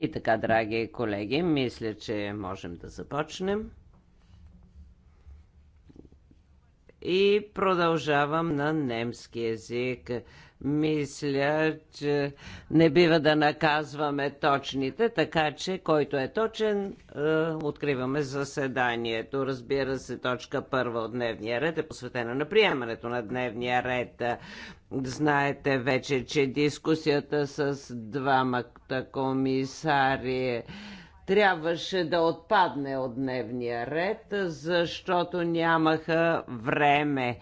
И така, драги колеги, мисля, че можем да започнем. И продължавам на немски язик. Мисля, че не бива да наказваме точните, така че който е точен, е, откриваме заседанието. Разбира се, точка първа от дневния ред е посветена на приемането на дневния ред. Знаете вече, че дискусията с двамата комисари е- трябваше да отпадне от дневния ред, защото нямаха време.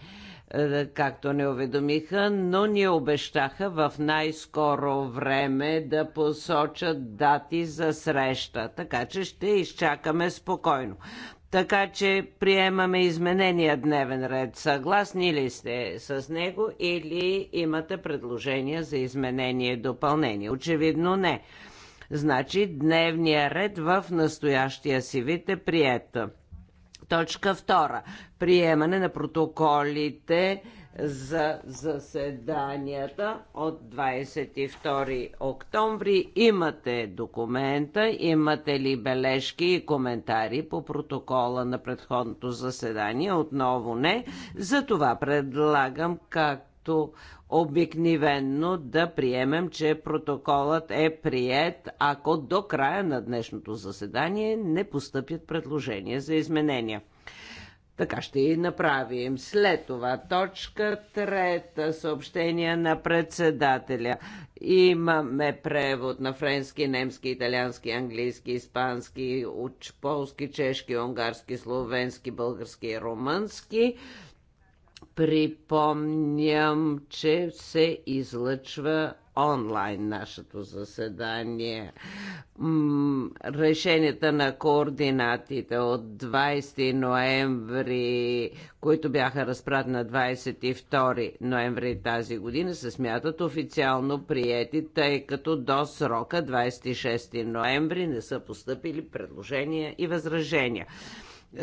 Е, както не уведомиха, но ни обещаха в най-скоро време да посочат дати за среща, така че ще изчакаме спокойно. Така че приемаме изменения дневен ред. Съгласни ли сте с него или имате предложения за изменение и допълнение? Очевидно не. Значи дневния ред в настоящия си вид е прият. Точка втора. Приемане на протоколите за заседанията от 22 октомври. Имате документа, имате ли бележки и коментари по протокола на предходното заседание? Отново не. Затова предлагам, както обикновенно да приемем, че протоколът е прият, ако до края на днешното заседание не постъпят предложения за изменения. Така ще и направим. След това точка трета съобщение на председателя. Имаме превод на френски, немски, италиански, английски, испански, полски, чешки, унгарски, словенски, български и румънски. Припомням, че се излъчва онлайн нашето заседание. Решенията на координатите от 20 ноември, които бяха разпратени на 22 ноември тази година, се смятат официално приети, тъй като до срока 26 ноември не са поступили предложения и възражения.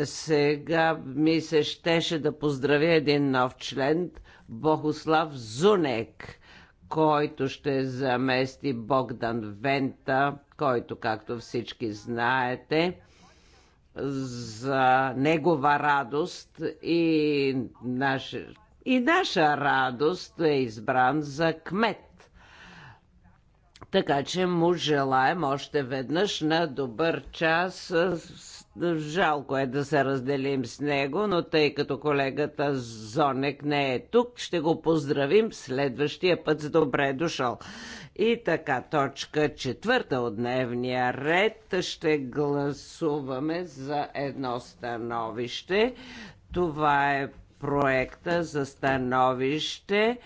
Сега ми се щеше да поздравя един нов член, Богослав Зунек, който ще замести Богдан Вента, който, както всички знаете, за негова радост и наша, и наша радост е избран за кмет. Така че му желаем още веднъж на добър час с Жалко е да се разделим с него, но тъй като колегата Зонек не е тук, ще го поздравим следващия път с добре е дошъл. И така, точка четвърта от дневния ред ще гласуваме за едно становище. Това е проекта за становище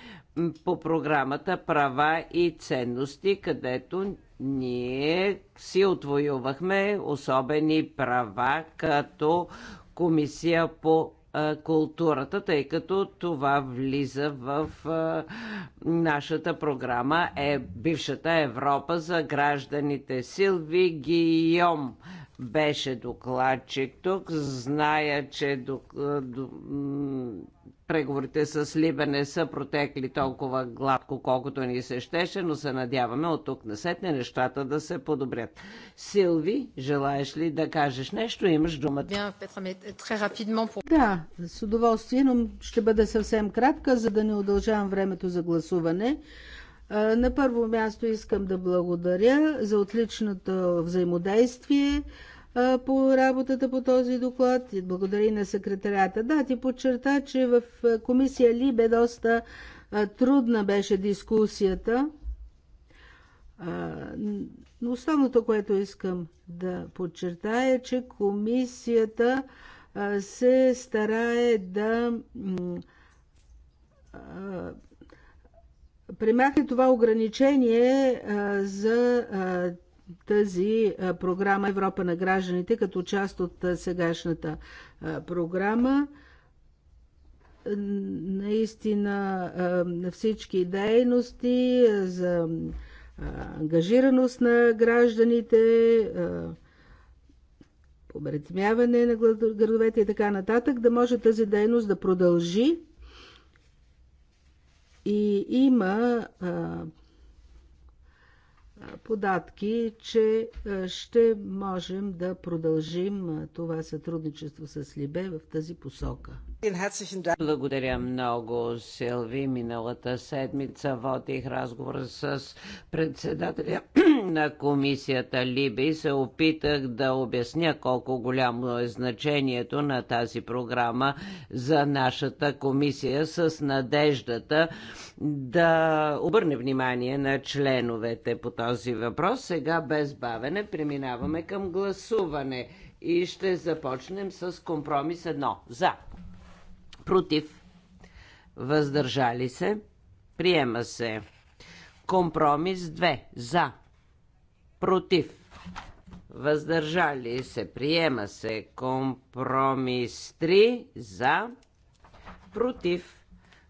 по програмата Права и ценности, където ние си отвоювахме особени права като комисия по културата, тъй като това влиза в нашата програма е бившата Европа за гражданите. Силви Гийом беше докладчик тук. Зная, че преговорите с Либе не са протекли толкова гладко, колкото ни се щеше, но се надяваме от тук на сетне нещата да се подобрят. Силви, желаеш ли да кажеш нещо? Имаш думата. Да, с удоволствие, но ще бъда съвсем кратка, за да не удължавам времето за гласуване. На първо място искам да благодаря за отличното взаимодействие по работата по този доклад. Благодаря на секретарята. Да, ти подчерта, че в комисия Либе доста трудна беше дискусията. Но основното, което искам да подчертая, е, че комисията се старае да премахне това ограничение за тази програма Европа на гражданите като част от сегашната програма. Наистина всички дейности за ангажираност на гражданите, обретмяване на градовете и така нататък, да може тази дейност да продължи. И има податки, че ще можем да продължим това сътрудничество с Либе в тази посока. Благодаря много, Силви. Миналата седмица водих разговор с председателя на комисията Либи се опитах да обясня колко голямо е значението на тази програма за нашата комисия с надеждата да обърне внимание на членовете по този въпрос. Сега без бавене преминаваме към гласуване и ще започнем с компромис 1. За. Против. Въздържали се. Приема се. Компромис 2. За против, въздържали се, приема се компромис 3 за, против,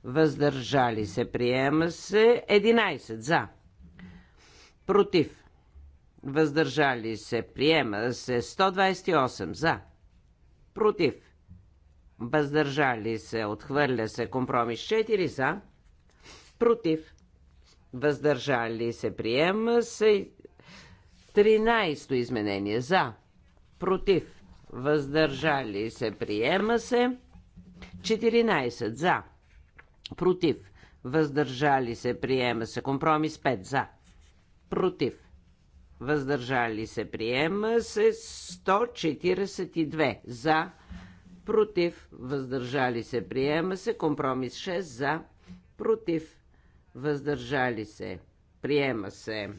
въздържали се, приема се 11 за, против, въздържали се, приема се 128 за, против, въздържали се, отхвърля се компромис 4 за, против, въздържали се, приема се 13 изменение за, против, въздържали се, приема се. 14 за, против, въздържали се, приема се. Компромис 5 за, против, въздържали се, приема се. 142 за, против, въздържали се, приема се. Компромис 6 за, против, въздържали се, приема се.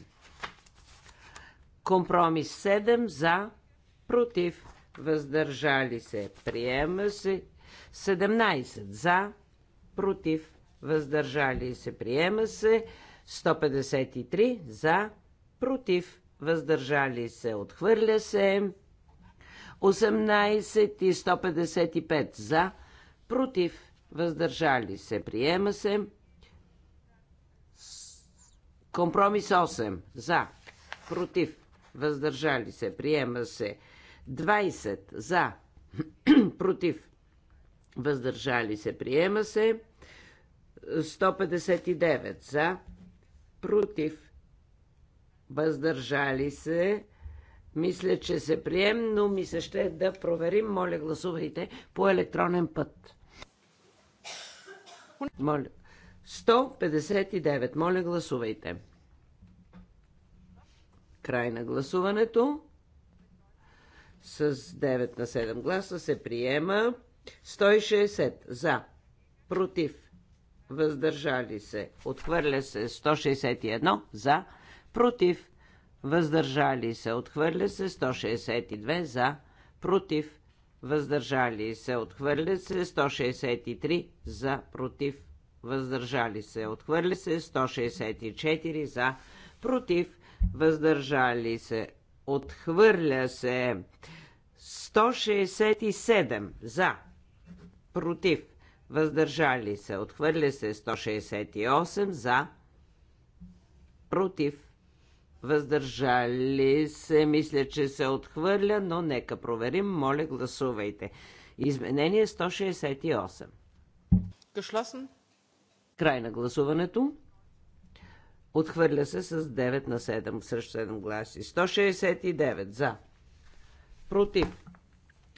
Компромис 7 за, против, въздържали се. Приема се 17 за, против, въздържали се. Приема се 153 за, против, въздържали се. Отхвърля се 18 и 155 за, против, въздържали се. Приема се компромис 8 за, против, въздържали се, приема се 20 за, против, въздържали се, приема се 159 за, против, въздържали се. Мисля, че се прием, но ми се ще да проверим. Моля, гласувайте по електронен път. Моля. 159. Моля, гласувайте. Край на гласуването. С 9 на 7 гласа се приема 160 за, против, въздържали се, отхвърля се 161 за, против, въздържали се, отхвърля се 162 за, против, въздържали се, отхвърля се 163 за, против, въздържали се, отхвърля се 164 за, против, въздържали се, отхвърля се 167 за, против, въздържали се, отхвърля се 168 за, против, въздържали се, мисля, че се отхвърля, но нека проверим, моля гласувайте. Изменение 168. Geschlossen. Край на гласуването. Отхвърля се с 9 на 7 срещу 7 гласи. 169 за. Против.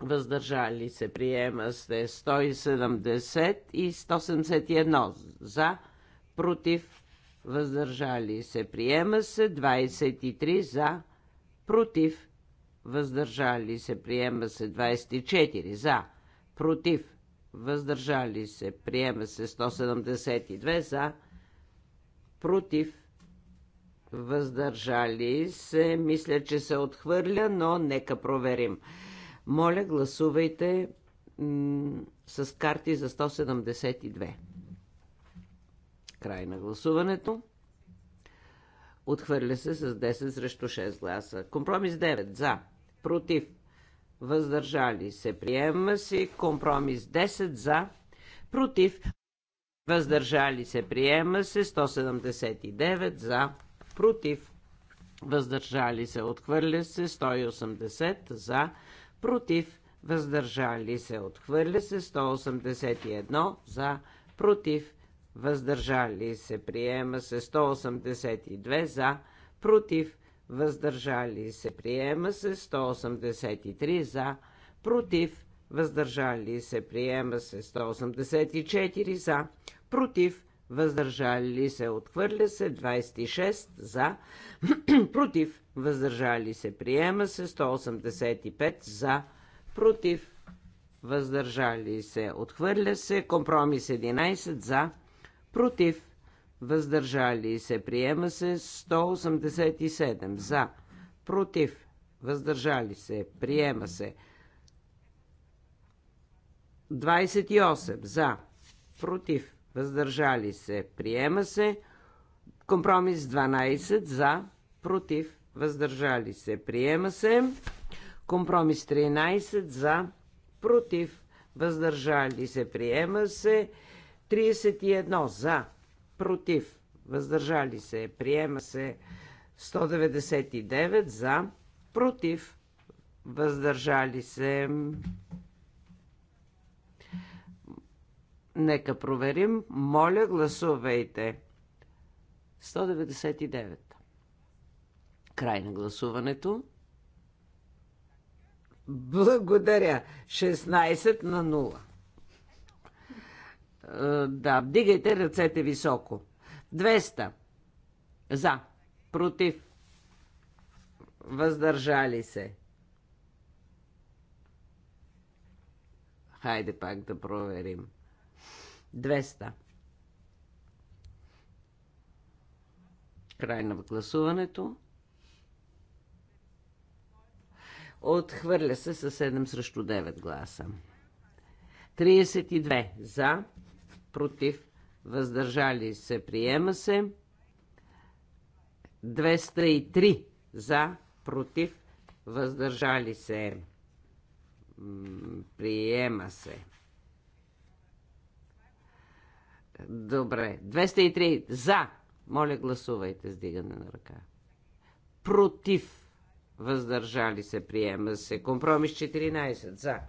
Въздържали се. Приема се 170 и 171 за. Против. Въздържали се. Приема се 23 за. Против. Въздържали се. Приема се 24 за. Против. Въздържали се. Приема се 172 за против, въздържали се. Мисля, че се отхвърля, но нека проверим. Моля, гласувайте с карти за 172. Край на гласуването. Отхвърля се с 10 срещу 6 гласа. Компромис 9 за, против, въздържали се. Приема си компромис 10 за, против, въздържали се. Приема се 179 за, против, въздържали се, отхвърля се 180 за, против, въздържали се, отхвърля се 181 за, против, въздържали се, приема се 182 за, против, въздържали се, приема се 183 за, против, въздържали се, приема се 184 за, против, въздържали се, отхвърля се, 26 за, против, въздържали се, приема се, 185 за, против, въздържали се, отхвърля се, компромис 11 за, против, въздържали се, приема се, 187 за, против, въздържали се, приема се, 28 за, против, въздържали се, приема се. Компромис 12 за, против, въздържали се, приема се. Компромис 13 за, против, въздържали се, приема се. 31 за, против, въздържали се, приема се. 199 за, против, въздържали се. Нека проверим. Моля, гласувайте. 199. Край на гласуването. Благодаря. 16 на 0. Е, да, вдигайте ръцете високо. 200. За. Против. Въздържали се. Хайде пак да проверим. 200. 200. Край на гласуването. Отхвърля се със 7 срещу 9 гласа. 32 за, против, въздържали се, приема се. 203 за, против, въздържали се, приема се. Добре. 203 за. Моля, гласувайте с дигане на ръка. Против. Въздържали се. Приема се. Компромис 14 за.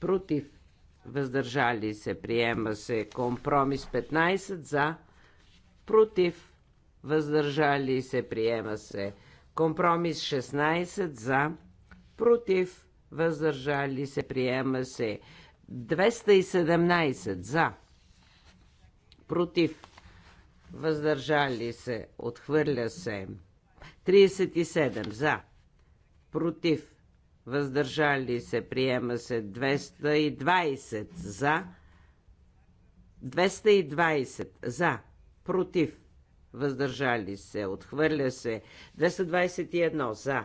Против. Въздържали се. Приема се. Компромис 15 за. Против. Въздържали се. Приема се. Компромис 16 за. Против. Въздържали се. Приема се. 217 за против, въздържали се, отхвърля се. 37 за, против, въздържали се, приема се 220 за, 220 за, против, въздържали се, отхвърля се 221 за,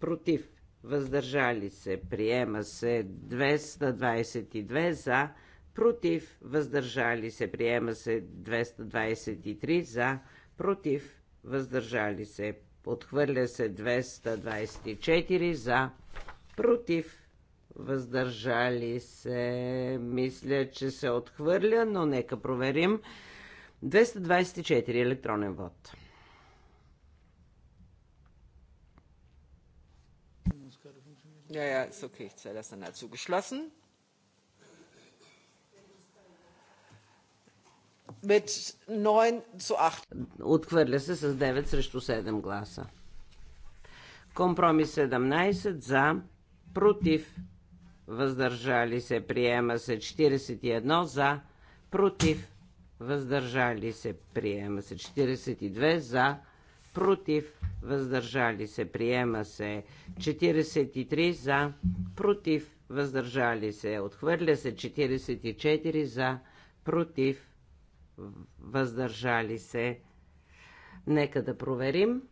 против, въздържали се, приема се 222 за, против, въздържали се, приема се 223 за, против, въздържали се, отхвърля се 224 за, против, въздържали се, мисля, че се отхвърля, но нека проверим. 224 електронен вод. Ja, ja, ist okay. Ich zähle das dann dazu. Geschlossen. 9 8. Отхвърля се с 9 срещу 7 гласа. Компромис 17 за, против, въздържали се, приема се 41 за, против, въздържали се, приема се 42 за, против, въздържали се, приема се 43 за, против, въздържали се, отхвърля се 44 за, против, въздържали се. Нека да проверим.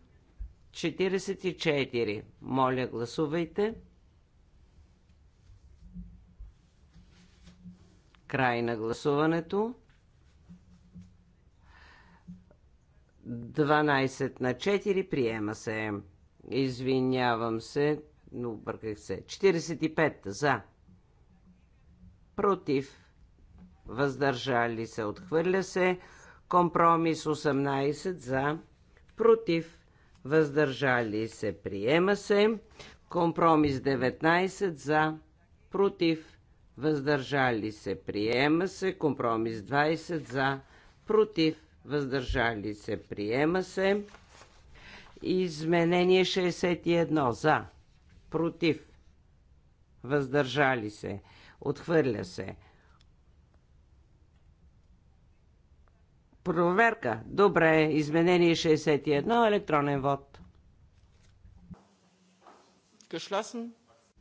44. Моля, гласувайте. Край на гласуването. 12 на 4 приема се. Извинявам се, но обърках се. 45 за. Против въздържали се, отхвърля се. Компромис 18 за, против, въздържали се, приема се. Компромис 19 за, против, въздържали се, приема се. Компромис 20 за, против, въздържали се, приема се. Изменение 61 за, против, въздържали се, отхвърля се. Проверка. Добре, изменение 61, електронен вод. Geschlossen.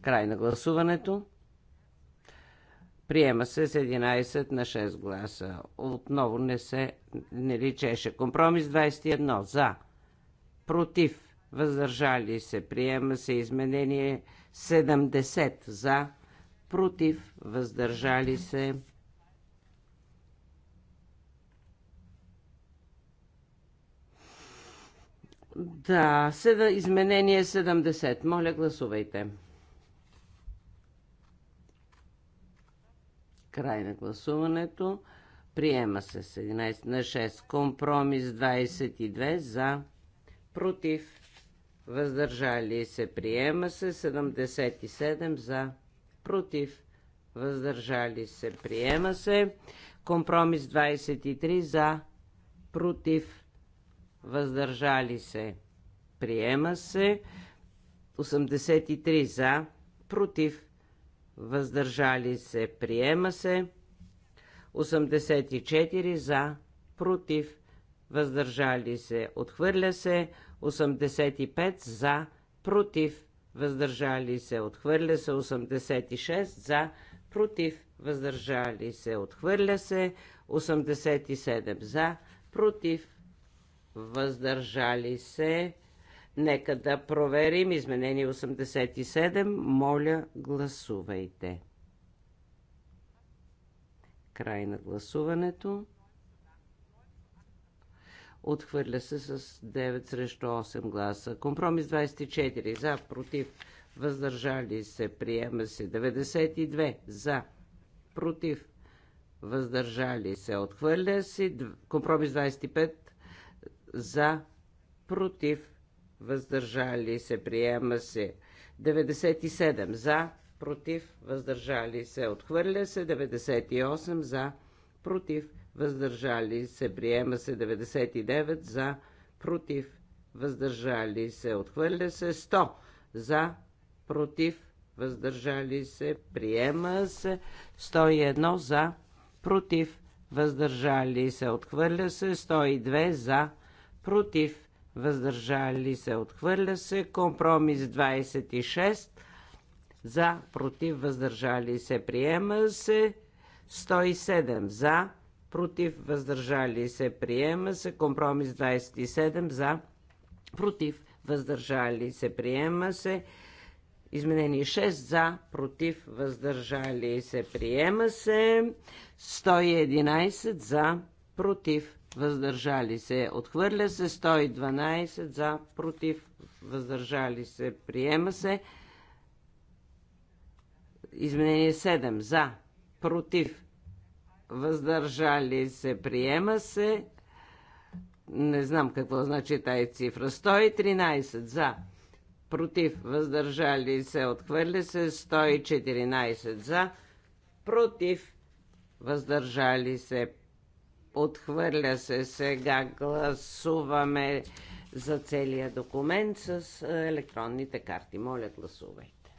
Край на гласуването. Приема се с 11 на 6 гласа. Отново не се не личеше. Компромис 21. За. Против. Въздържали се. Приема се изменение 70. За. Против. Въздържали се. Да, седа, изменение 70. Моля, гласувайте. Край на гласуването. Приема се 17 на 6. Компромис 22 за против. Въздържали се. Приема се 77 за против. Въздържали се. Приема се. Компромис 23 за против въздържали се, приема се. 83 за, против, въздържали се, приема се. 84 за, против, въздържали се, отхвърля се. 85 за, против, въздържали се, отхвърля се. 86 за, против, въздържали се, отхвърля се. 87 за, против, въздържали се. Нека да проверим изменение 87. Моля, гласувайте. Край на гласуването. Отхвърля се с 9 срещу 8 гласа. Компромис 24 за, против, въздържали се, приема се 92 за, против, въздържали се, отхвърля се. Компромис 25 за, против, въздържали се, приема се. 97 за, против, въздържали се, отхвърля се. 98 за, против, въздържали се, приема се. 99 за, против, въздържали се, отхвърля се. 100 за, против, въздържали се, приема се. 101 за, против, въздържали се, отхвърля се. 102 за, против, против, въздържали се, отхвърля се. Компромис 26, за, против, въздържали се, приема се. 107 за, против, въздържали се, приема се. Компромис 27 за, против, въздържали се, приема се. Изменение 6 за, против, въздържали се, приема се. 111 за, против, въздържали се. Отхвърля се 112 за, против, въздържали се. Приема се. Изменение 7 за, против, въздържали се. Приема се. Не знам какво значи тази цифра. 113 за, против, въздържали се. Отхвърля се 114 за, против, въздържали се. Отхвърля се сега. Гласуваме за целия документ с е, електронните карти. Моля, гласувайте.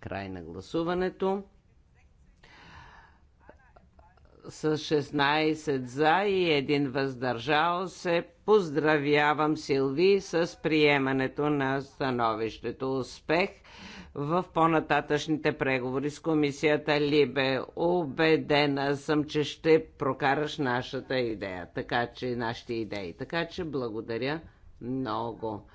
Край на гласуването. С 16 за и един въздържал се Поздравявам Силви с приемането на становището. Успех в по-нататъчните преговори с комисията Либе. Обедена съм, че ще прокараш нашата идея, така че нашите идеи. Така че благодаря много.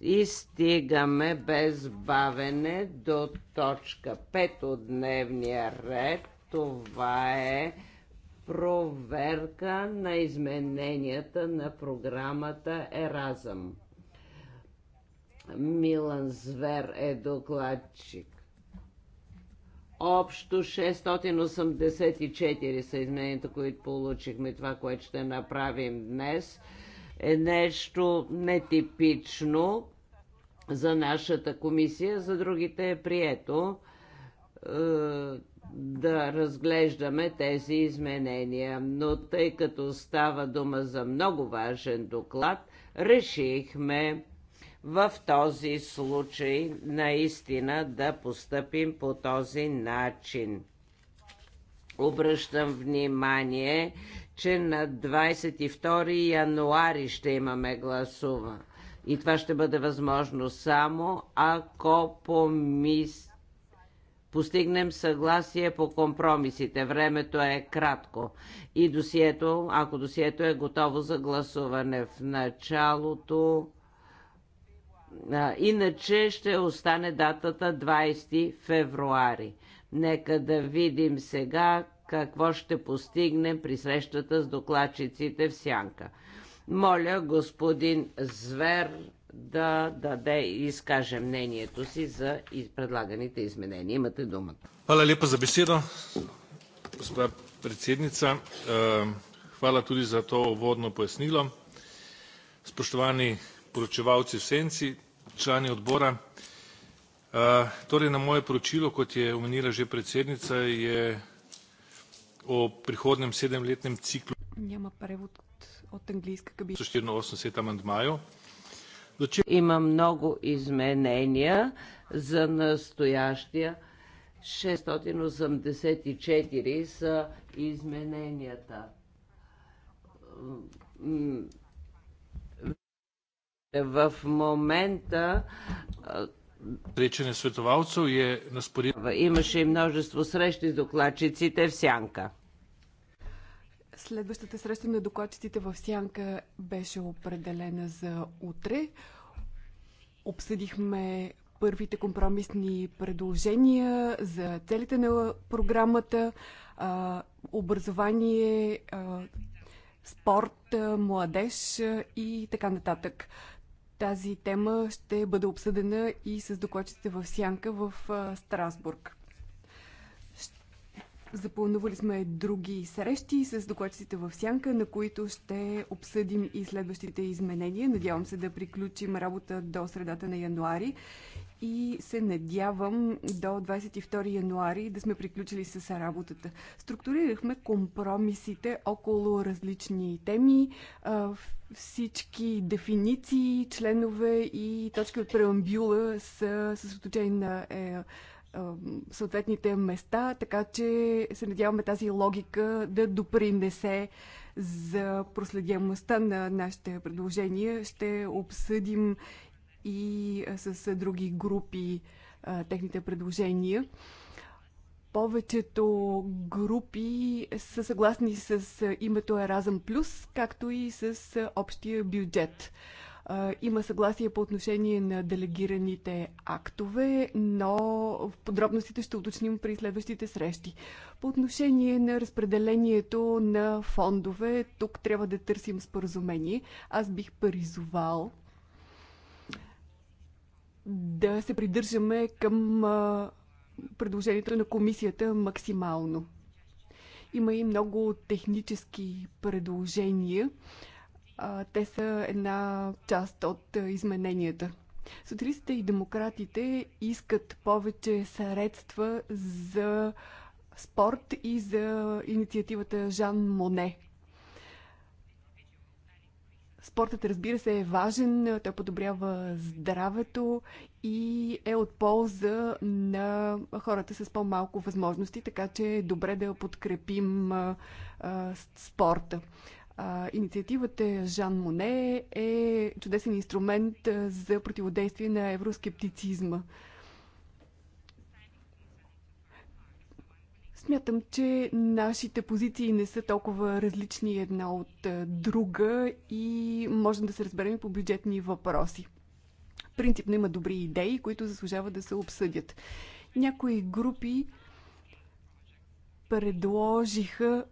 И стигаме без бавене до точка 5 от дневния ред. Това е проверка на измененията на програмата Еразъм. Милан Звер е докладчик. Общо 684 са измененията, които получихме. Това, което ще направим днес, е нещо нетипично за нашата комисия, за другите е прието е, да разглеждаме тези изменения. Но тъй като става дума за много важен доклад, решихме в този случай наистина да постъпим по този начин. Обръщам внимание, че на 22 януари ще имаме гласува. И това ще бъде възможно само ако помис постигнем съгласие по компромисите. Времето е кратко. И досието, ако досието е готово за гласуване в началото, иначе ще остане датата 20 февруари. Нека да видим сега какво ще постигнем при срещата с докладчиците в Сянка. Моля господин Звер да даде и изкаже мнението си за предлаганите изменения. Имате думата. Hvala lepa za besedo, gospa predsednica. Hvala tudi za to uvodno pojasnilo. Spoštovani poročevalci v senci, člani odbora. Torej na moje poročilo, kot je omenila že predsednica, je o prihodnem sedemletnem ciklu. Няма превод от английска кабина. 184 амандмаев Значи има много изменения за настоящия. 684 са измененията. В момента Речене световалцов е на спори. Имаше и множество срещи с докладчиците в Сянка. Следващата среща на докладчиците в Сянка беше определена за утре. Обсъдихме първите компромисни предложения за целите на програмата, образование, спорт, младеж и така нататък. Тази тема ще бъде обсъдена и с докладчиците в Сянка в Страсбург. Запълнували сме други срещи с докладчиците в Сянка, на които ще обсъдим и следващите изменения. Надявам се да приключим работа до средата на януари и се надявам до 22 януари да сме приключили с работата. Структурирахме компромисите около различни теми, всички дефиниции, членове и точки от преамбюла са съсредоточени на е, съответните места, така че се надяваме тази логика да допринесе за проследяемостта на нашите предложения. Ще обсъдим и с други групи техните предложения. Повечето групи са съгласни с името Еразъм Плюс, както и с общия бюджет. Има съгласие по отношение на делегираните актове, но в подробностите ще уточним при следващите срещи. По отношение на разпределението на фондове, тук трябва да търсим споразумение. Аз бих паризовал да се придържаме към предложението на комисията максимално. Има и много технически предложения те са една част от измененията. Социалистите и демократите искат повече средства за спорт и за инициативата Жан Моне. Спортът, разбира се, е важен, той подобрява здравето и е от полза на хората с по-малко възможности, така че е добре да подкрепим а, спорта. А, инициативата Жан Моне е чудесен инструмент за противодействие на евроскептицизма. Смятам, че нашите позиции не са толкова различни една от друга и можем да се разберем по бюджетни въпроси. Принципно има добри идеи, които заслужават да се обсъдят. Някои групи предложиха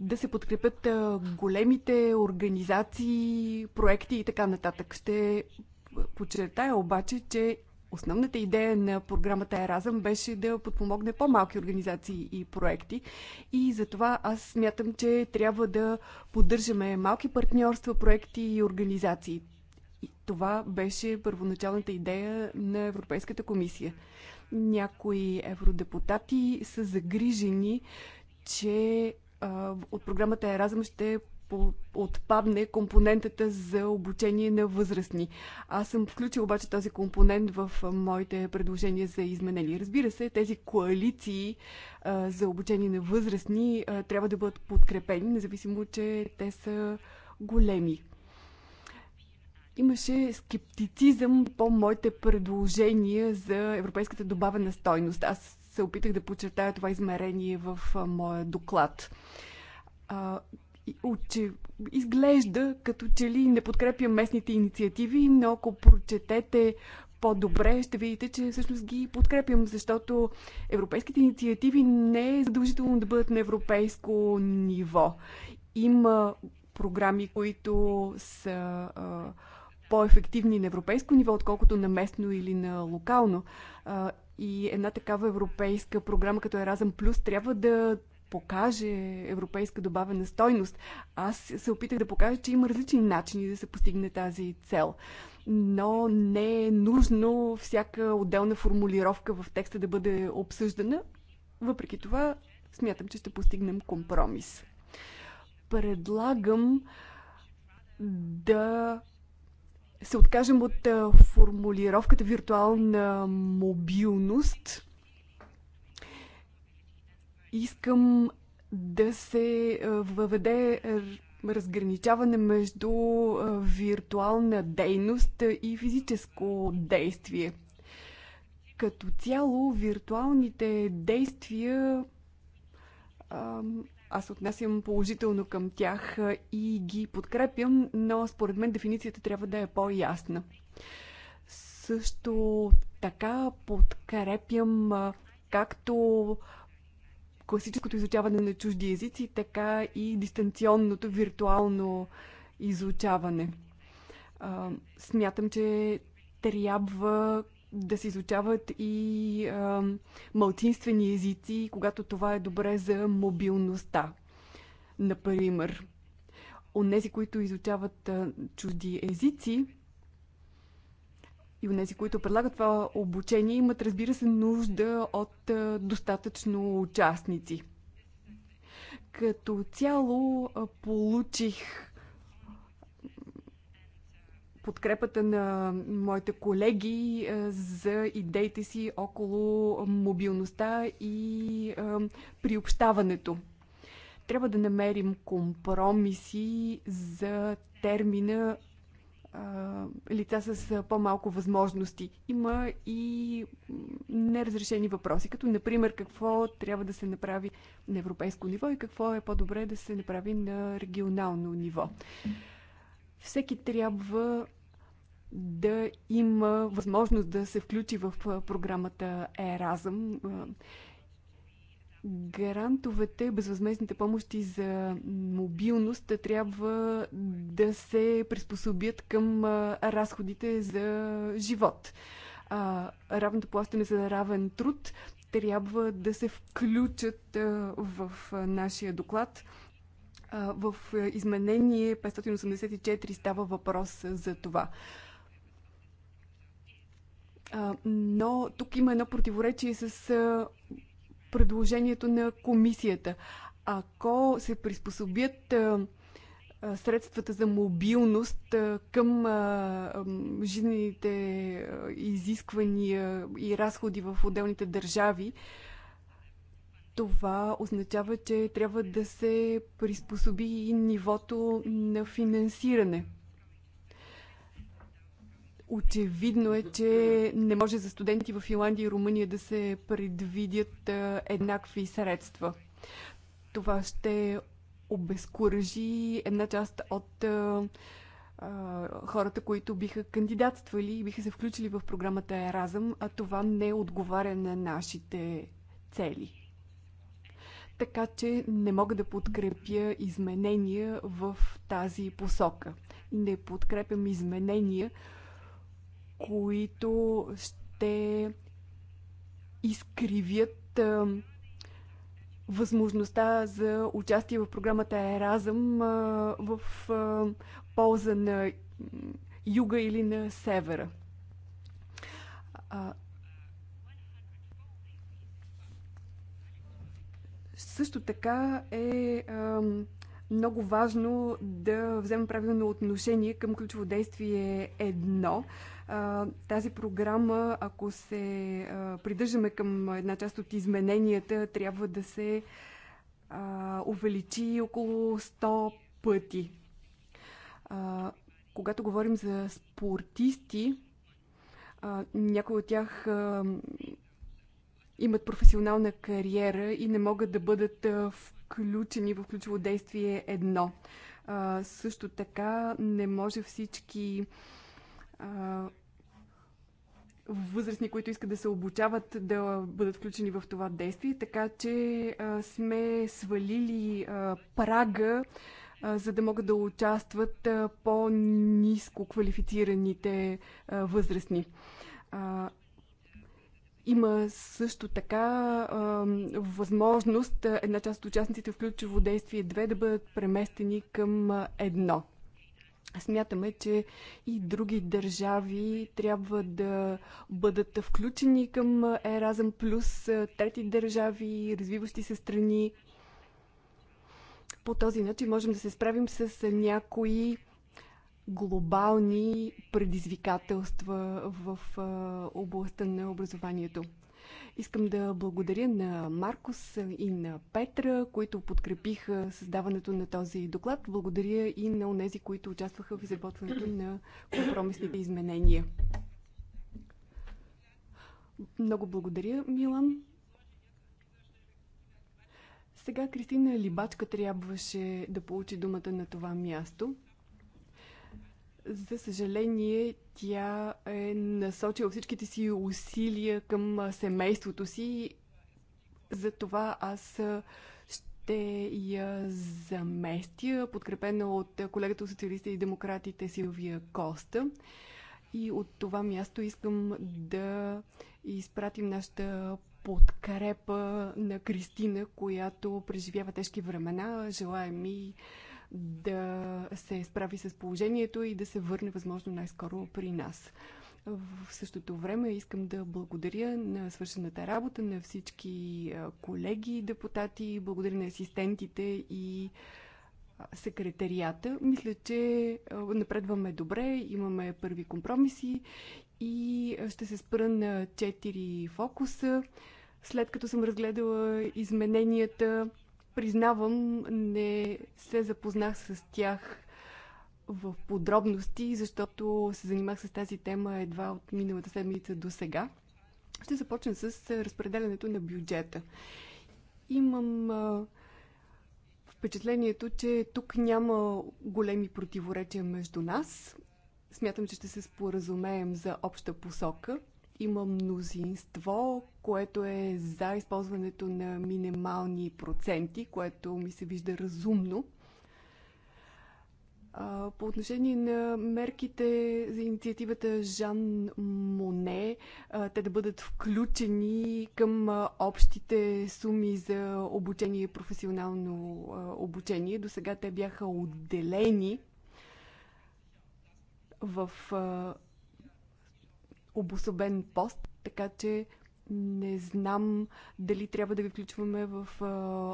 да се подкрепят големите организации, проекти и така нататък. Ще подчертая обаче, че основната идея на програмата Еразъм беше да подпомогне по-малки организации и проекти. И затова аз смятам, че трябва да поддържаме малки партньорства, проекти и организации. И това беше първоначалната идея на Европейската комисия. Някои евродепутати са загрижени, че от програмата Еразъм ще отпадне компонентата за обучение на възрастни. Аз съм включил обаче този компонент в моите предложения за изменения. Разбира се, тези коалиции а, за обучение на възрастни а, трябва да бъдат подкрепени, независимо, че те са големи. Имаше скептицизъм по моите предложения за европейската добавена стойност. Аз се опитах да подчертая това измерение в моя доклад. Че изглежда като че ли не подкрепя местните инициативи, но ако прочетете по-добре, ще видите, че всъщност ги подкрепям, защото европейските инициативи не е задължително да бъдат на европейско ниво. Има програми, които са по-ефективни на европейско ниво, отколкото на местно или на локално. И една такава европейска програма като Еразъм Плюс трябва да покаже европейска добавена стойност. Аз се опитах да покажа, че има различни начини да се постигне тази цел. Но не е нужно всяка отделна формулировка в текста да бъде обсъждана. Въпреки това, смятам, че ще постигнем компромис. Предлагам да се откажем от формулировката виртуална мобилност. Искам да се въведе разграничаване между виртуална дейност и физическо действие. Като цяло, виртуалните действия аз отнасям положително към тях и ги подкрепям, но според мен дефиницията трябва да е по-ясна. Също така подкрепям както класическото изучаване на чужди езици, така и дистанционното виртуално изучаване. Смятам, че трябва да се изучават и а, малцинствени езици, когато това е добре за мобилността. Например, онези, които изучават а, чужди езици и онези, които предлагат това обучение, имат, разбира се, нужда от а, достатъчно участници. Като цяло а, получих подкрепата на моите колеги за идеите си около мобилността и приобщаването. Трябва да намерим компромиси за термина лица с по-малко възможности. Има и неразрешени въпроси, като например какво трябва да се направи на европейско ниво и какво е по-добре да се направи на регионално ниво. Всеки трябва да има възможност да се включи в програмата Еразъм. Грантовете, безвъзмезните помощи за мобилност трябва да се приспособят към разходите за живот. Равното плащане за равен труд трябва да се включат в нашия доклад в е, изменение 584 става въпрос за това. Но тук има едно противоречие с предложението на комисията. Ако се приспособят средствата за мобилност към жизнените изисквания и разходи в отделните държави, това означава, че трябва да се приспособи и нивото на финансиране. Очевидно е, че не може за студенти в Финландия и Румъния да се предвидят еднакви средства. Това ще обезкуражи една част от а, а, хората, които биха кандидатствали и биха се включили в програмата Еразъм, а това не отговаря на нашите цели така че не мога да подкрепя изменения в тази посока. Не подкрепям изменения, които ще изкривят възможността за участие в програмата Еразъм в полза на юга или на севера. Също така е много важно да вземем правилно отношение към ключово действие едно. Тази програма, ако се придържаме към една част от измененията, трябва да се увеличи около 100 пъти. Когато говорим за спортисти, някои от тях имат професионална кариера и не могат да бъдат включени в ключово действие едно. А, също така не може всички а, възрастни, които искат да се обучават, да бъдат включени в това действие, така че а, сме свалили а, прага, а, за да могат да участват по-низко квалифицираните а, възрастни. А, има също така а, възможност една част от участниците в ключово действие 2 да бъдат преместени към едно. Смятаме, че и други държави трябва да бъдат включени към Еразъм плюс трети държави, развиващи се страни. По този начин можем да се справим с някои глобални предизвикателства в областта на образованието. Искам да благодаря на Маркус и на Петра, които подкрепиха създаването на този доклад. Благодаря и на онези, които участваха в изработването на компромисните изменения. Много благодаря, Милан. Сега Кристина Либачка трябваше да получи думата на това място. За съжаление, тя е насочила всичките си усилия към семейството си. Затова аз ще я заместя, подкрепена от колегата от социалистите и демократите Силвия Коста. И от това място искам да изпратим нашата подкрепа на Кристина, която преживява тежки времена. Желаем и ми да се справи с положението и да се върне възможно най-скоро при нас. В същото време искам да благодаря на свършената работа на всички колеги депутати, благодаря на асистентите и секретарията. Мисля, че напредваме добре, имаме първи компромиси и ще се спра на 4 фокуса. След като съм разгледала измененията, Признавам, не се запознах с тях в подробности, защото се занимах с тази тема едва от миналата седмица до сега. Ще започна с е, разпределянето на бюджета. Имам впечатлението, че тук няма големи противоречия между нас. Смятам, че ще се споразумеем за обща посока – има мнозинство, което е за използването на минимални проценти, което ми се вижда разумно. По отношение на мерките за инициативата Жан Моне, те да бъдат включени към общите суми за обучение и професионално обучение. До сега те бяха отделени в обособен пост, така че не знам дали трябва да ви включваме в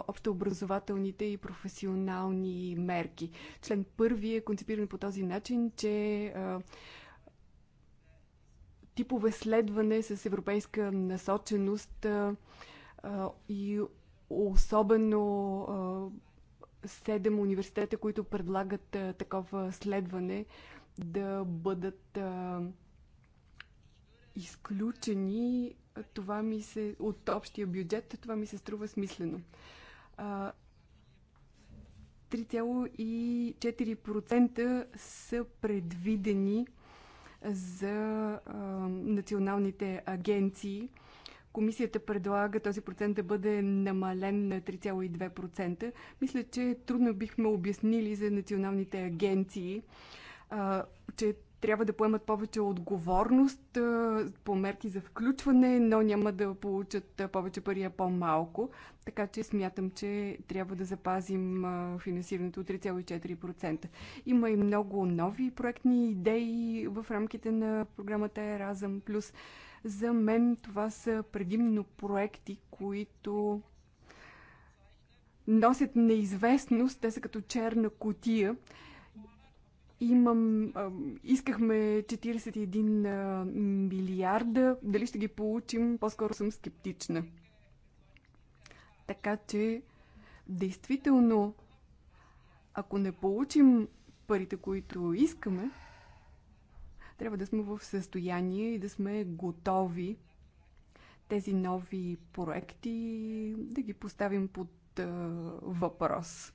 общообразователните и професионални мерки. Член първи е концепиран по този начин, че а, типове следване с европейска насоченост а, и особено седем университета, които предлагат а, такова следване, да бъдат. А, изключени, това ми се, от общия бюджет, това ми се струва смислено. 3,4% са предвидени за а, националните агенции. Комисията предлага този процент да бъде намален на 3,2%. Мисля, че трудно бихме обяснили за националните агенции, а, че трябва да поемат повече отговорност по мерки за включване, но няма да получат повече пари, а по-малко. Така че смятам, че трябва да запазим финансирането от 3,4%. Има и много нови проектни идеи в рамките на програмата Еразъм Плюс. За мен това са предимно проекти, които носят неизвестност, те са като черна котия имам, искахме 41 милиарда. Дали ще ги получим, по-скоро съм скептична. Така че, действително, ако не получим парите, които искаме, трябва да сме в състояние и да сме готови тези нови проекти да ги поставим под въпрос.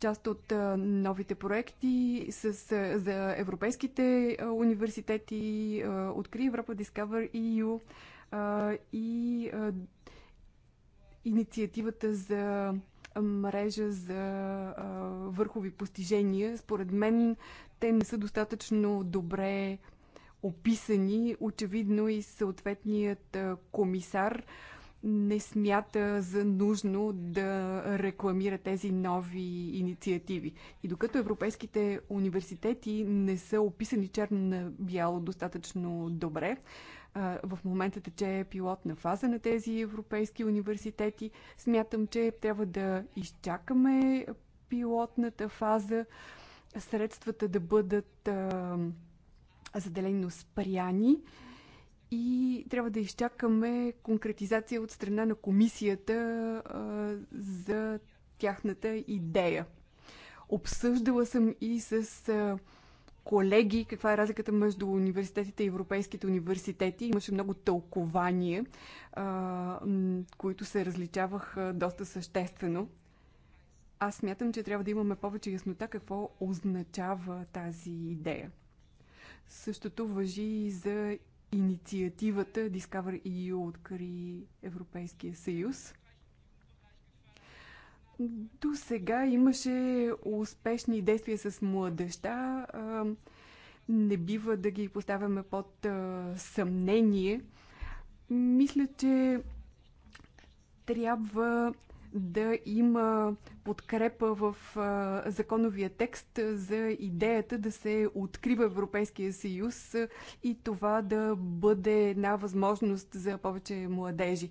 част от новите проекти с, за европейските университети Откри Европа, Discover EU и инициативата за мрежа за върхови постижения. Според мен те не са достатъчно добре описани. Очевидно и съответният комисар не смята за нужно да рекламира тези нови инициативи. И докато европейските университети не са описани черно на бяло достатъчно добре, в момента тече пилотна фаза на тези европейски университети. Смятам, че трябва да изчакаме пилотната фаза, средствата да бъдат заделени спряни и трябва да изчакаме конкретизация от страна на комисията а, за тяхната идея. Обсъждала съм и с а, колеги каква е разликата между университетите и европейските университети. Имаше много тълкования, а, които се различаваха доста съществено. Аз смятам, че трябва да имаме повече яснота какво означава тази идея. Същото въжи и за инициативата Discover EU откри Европейския съюз. До сега имаше успешни действия с младеща. Не бива да ги поставяме под съмнение. Мисля, че трябва да има подкрепа в законовия текст за идеята да се открива Европейския съюз и това да бъде една възможност за повече младежи.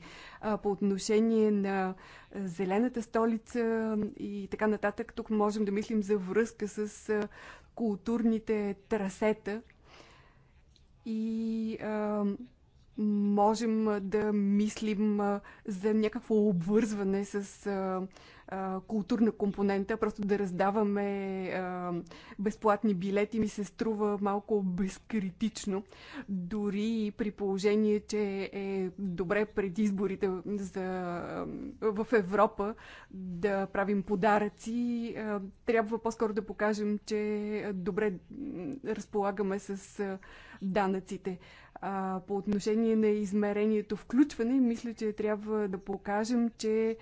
По отношение на Зелената столица и така нататък, тук можем да мислим за връзка с културните трасета и можем да мислим за някакво обвързване с културна компонента, просто да раздаваме а, безплатни билети ми се струва малко безкритично. Дори при положение, че е добре пред изборите за, в Европа да правим подаръци, а, трябва по-скоро да покажем, че добре разполагаме с данъците. А, по отношение на измерението включване, мисля, че трябва да покажем, че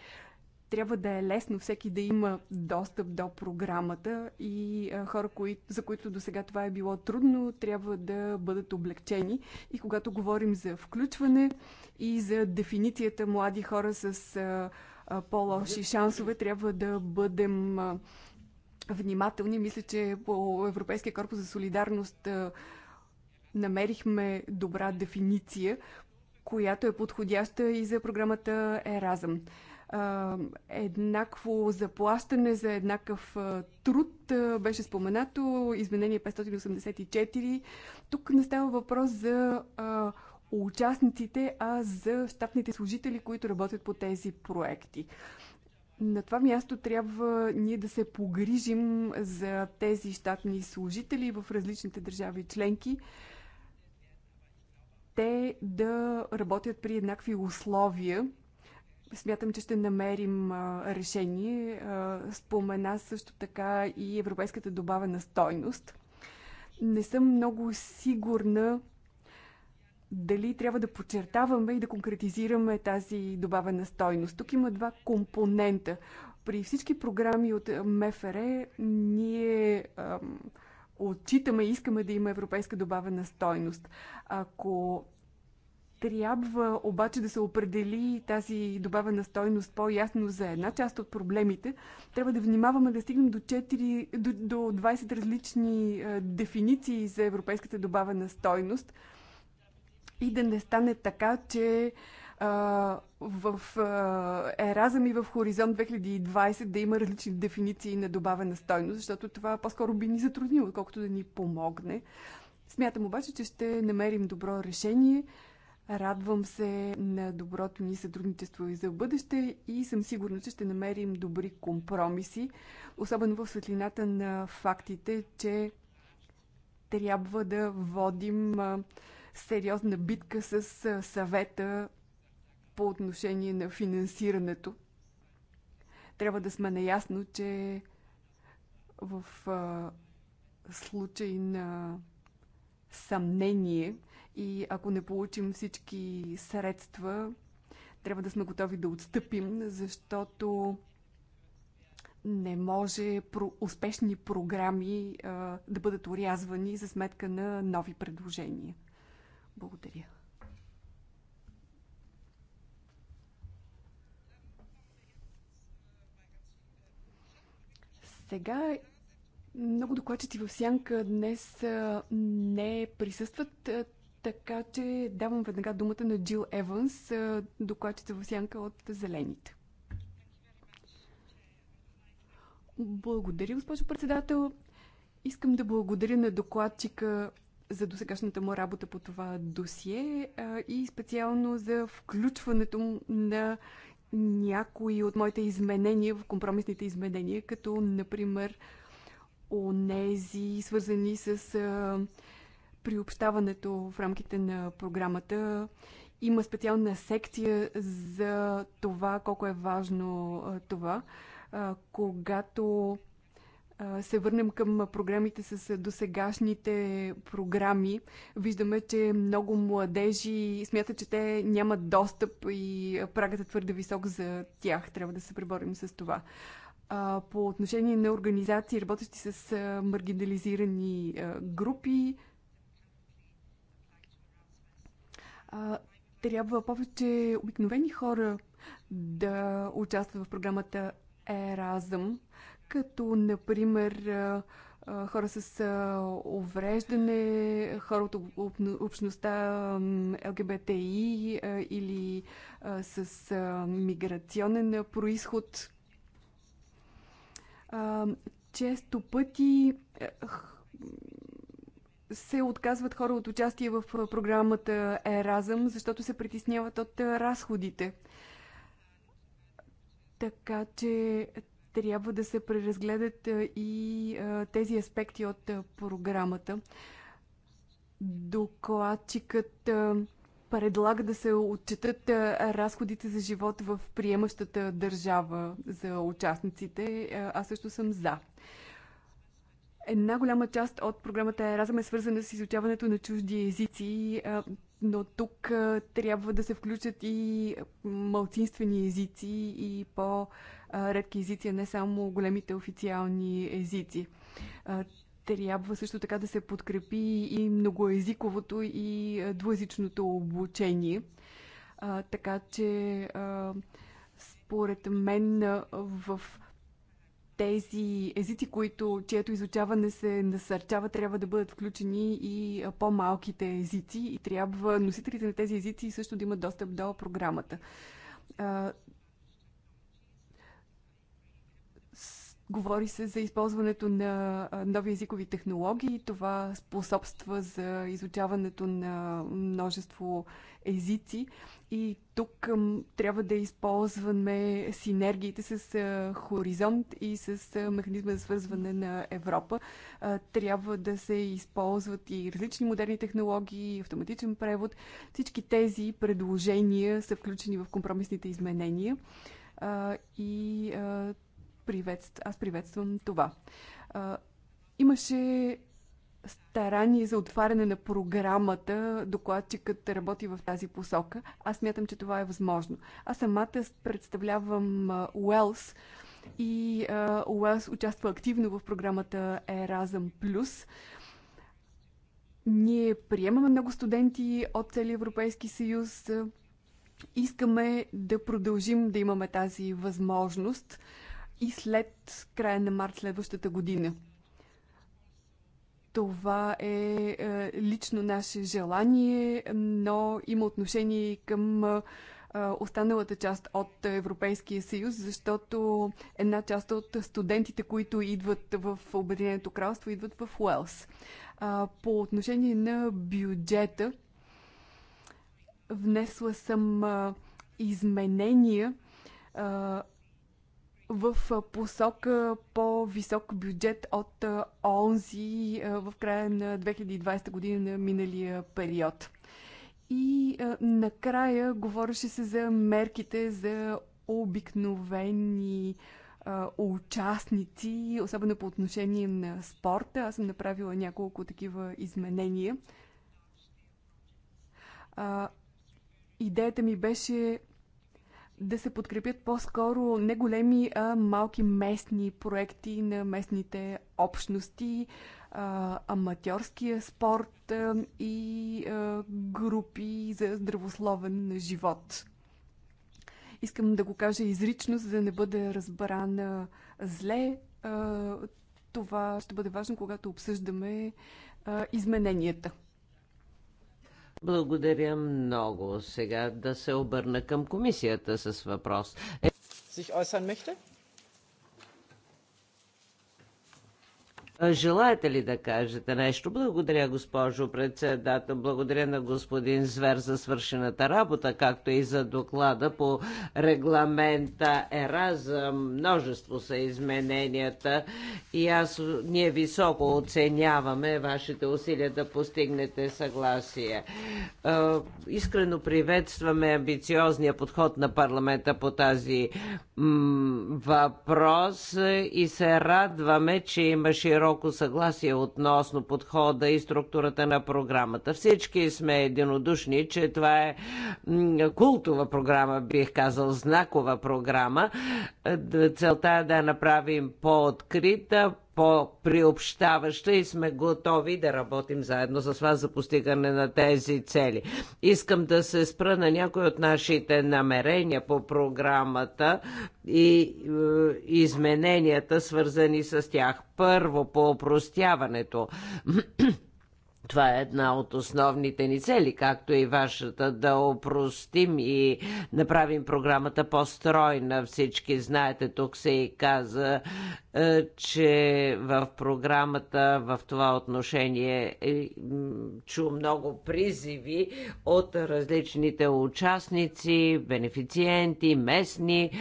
трябва да е лесно всеки да има достъп до програмата и а, хора, кои, за които до сега това е било трудно, трябва да бъдат облегчени. И когато говорим за включване и за дефиницията млади хора с а, а, по-лоши шансове, трябва да бъдем а, внимателни. Мисля, че по Европейския корпус за солидарност а, намерихме добра дефиниция, която е подходяща и за програмата Еразъм. Еднакво заплащане за еднакъв труд беше споменато, изменение 584. Тук не става въпрос за участниците, а за щатните служители, които работят по тези проекти. На това място трябва ние да се погрижим за тези щатни служители в различните държави членки, те да работят при еднакви условия. Смятам, че ще намерим решение. спомена също така и европейската добавена стойност. Не съм много сигурна дали трябва да подчертаваме и да конкретизираме тази добавена стойност. Тук има два компонента. При всички програми от МФР ние отчитаме и искаме да има европейска добавена стойност. Ако трябва обаче да се определи тази добавена стойност по-ясно за една част от проблемите, трябва да внимаваме да стигнем до, 4, до, до 20 различни а, е, дефиниции за европейската добавена стойност и да не стане така, че в Еразъм и в Хоризонт 2020 да има различни дефиниции на добавена стойност, защото това по-скоро би ни затруднило, колкото да ни помогне. Смятам обаче, че ще намерим добро решение. Радвам се на доброто ни сътрудничество и за бъдеще и съм сигурна, че ще намерим добри компромиси, особено в светлината на фактите, че трябва да водим сериозна битка с съвета по отношение на финансирането. Трябва да сме наясно, че в а, случай на съмнение и ако не получим всички средства, трябва да сме готови да отстъпим, защото не може про успешни програми а, да бъдат урязвани за сметка на нови предложения. Благодаря. Сега много докладчици в Сянка днес не присъстват, така че давам веднага думата на Джил Еванс, докладчица в Сянка от Зелените. Благодаря, госпожо председател. Искам да благодаря на докладчика за досегашната му работа по това досие и специално за включването на някои от моите изменения в компромисните изменения, като например онези свързани с а, приобщаването в рамките на програмата. Има специална секция за това колко е важно а, това. А, когато се върнем към програмите с досегашните програми, виждаме, че много младежи смятат, че те нямат достъп и прагът е твърде висок за тях. Трябва да се преборим с това. По отношение на организации, работещи с маргинализирани групи, трябва повече обикновени хора да участват в програмата Еразъм като например хора с увреждане, хора от общността ЛГБТИ или с миграционен происход. Често пъти се отказват хора от участие в програмата Еразъм, защото се притесняват от разходите. Така че трябва да се преразгледат и тези аспекти от програмата. Докладчикът предлага да се отчетат разходите за живот в приемащата държава за участниците. Аз също съм за. Една голяма част от програмата Еразъм е свързана с изучаването на чужди езици но тук трябва да се включат и малцинствени езици и по-редки езици, а не само големите официални езици. Трябва също така да се подкрепи и многоезиковото и двуязичното обучение. Така че, според мен, в тези езици, които, чието изучаване се насърчава, трябва да бъдат включени и по-малките езици и трябва носителите на тези езици също да имат достъп до програмата. Говори се за използването на нови езикови технологии. Това способства за изучаването на множество езици. И тук трябва да използваме синергиите с Хоризонт и с механизма за свързване на Европа. Трябва да се използват и различни модерни технологии, автоматичен превод. Всички тези предложения са включени в компромисните изменения и приветств, аз приветствам това. А, имаше старание за отваряне на програмата, докладчикът работи в тази посока. Аз мятам, че това е възможно. Аз самата представлявам Уелс и Уелс участва активно в програмата Еразъм Плюс. Ние приемаме много студенти от целия Европейски съюз. Искаме да продължим да имаме тази възможност и след края на март следващата година. Това е, е лично наше желание, но има отношение и към е, останалата част от Европейския съюз, защото една част от студентите, които идват в Обединеното кралство, идват в Уелс. По отношение на бюджета, внесла съм е, изменения в посока по-висок бюджет от онзи в края на 2020 година на миналия период. И накрая говореше се за мерките за обикновени участници, особено по отношение на спорта. Аз съм направила няколко такива изменения. идеята ми беше да се подкрепят по-скоро не големи, а малки местни проекти на местните общности, аматьорския спорт и групи за здравословен живот. Искам да го кажа изрично, за да не бъде разбрана зле. Това ще бъде важно, когато обсъждаме измененията. Благодаря много. Сега да се обърна към комисията с въпрос. Е, Sich äußern möchte? Желаете ли да кажете нещо? Благодаря, госпожо председател. Благодаря на господин Звер за свършената работа, както и за доклада по регламента Еразъм. Множество са измененията и аз, ние високо оценяваме вашите усилия да постигнете съгласие. Искрено приветстваме амбициозния подход на парламента по тази въпрос и се радваме, че има широко широко съгласие относно подхода и структурата на програмата. Всички сме единодушни, че това е култова програма, бих казал, знакова програма. Целта е да я направим по-открита, по-приобщаваща и сме готови да работим заедно с вас за постигане на тези цели. Искам да се спра на някои от нашите намерения по програмата и е, измененията, свързани с тях. Първо, по опростяването Това е една от основните ни цели, както и вашата, да опростим и направим програмата по-стройна. Всички знаете, тук се и каза, е, че в програмата в това отношение е, чу много призиви от различните участници, бенефициенти, местни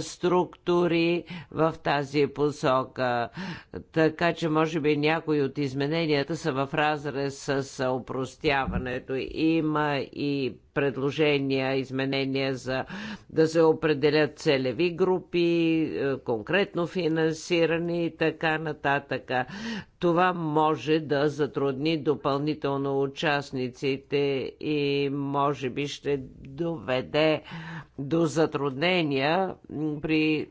структури в тази посока. Така че, може би, някои от измененията са в разрез с опростяването. Има и предложения, изменения за да се определят целеви групи, е, конкретно финансирани и така нататък. Това може да затрудни допълнително участниците и може би ще доведе до затруднения при